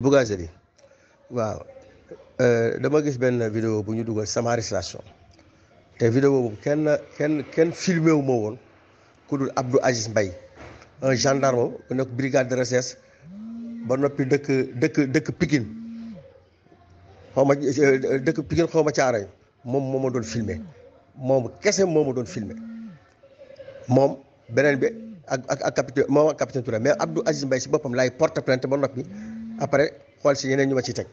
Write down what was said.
Bougazelli waaw euh, dama gis benn vidéo bu ñu dugal sama arrestation te vidéo boobu kenn kenn kenn filmé woon ku dul Abdou Aziz Mbaye un gendarme ku nekk brigade de ba noppi dëkk dëkk dëkk Pikine xaw ma euh, dëkk Pikine xaw ma caaray moom moo ma doon filmé moom kese moo ma doon filme moom beneen bi ak ak ak capitaine moom ak capitaine Touré mais Abdou Aziz Mbaye si boppam laay porte plainte ba noppi. après xool si yeneen ñu ma ciy teg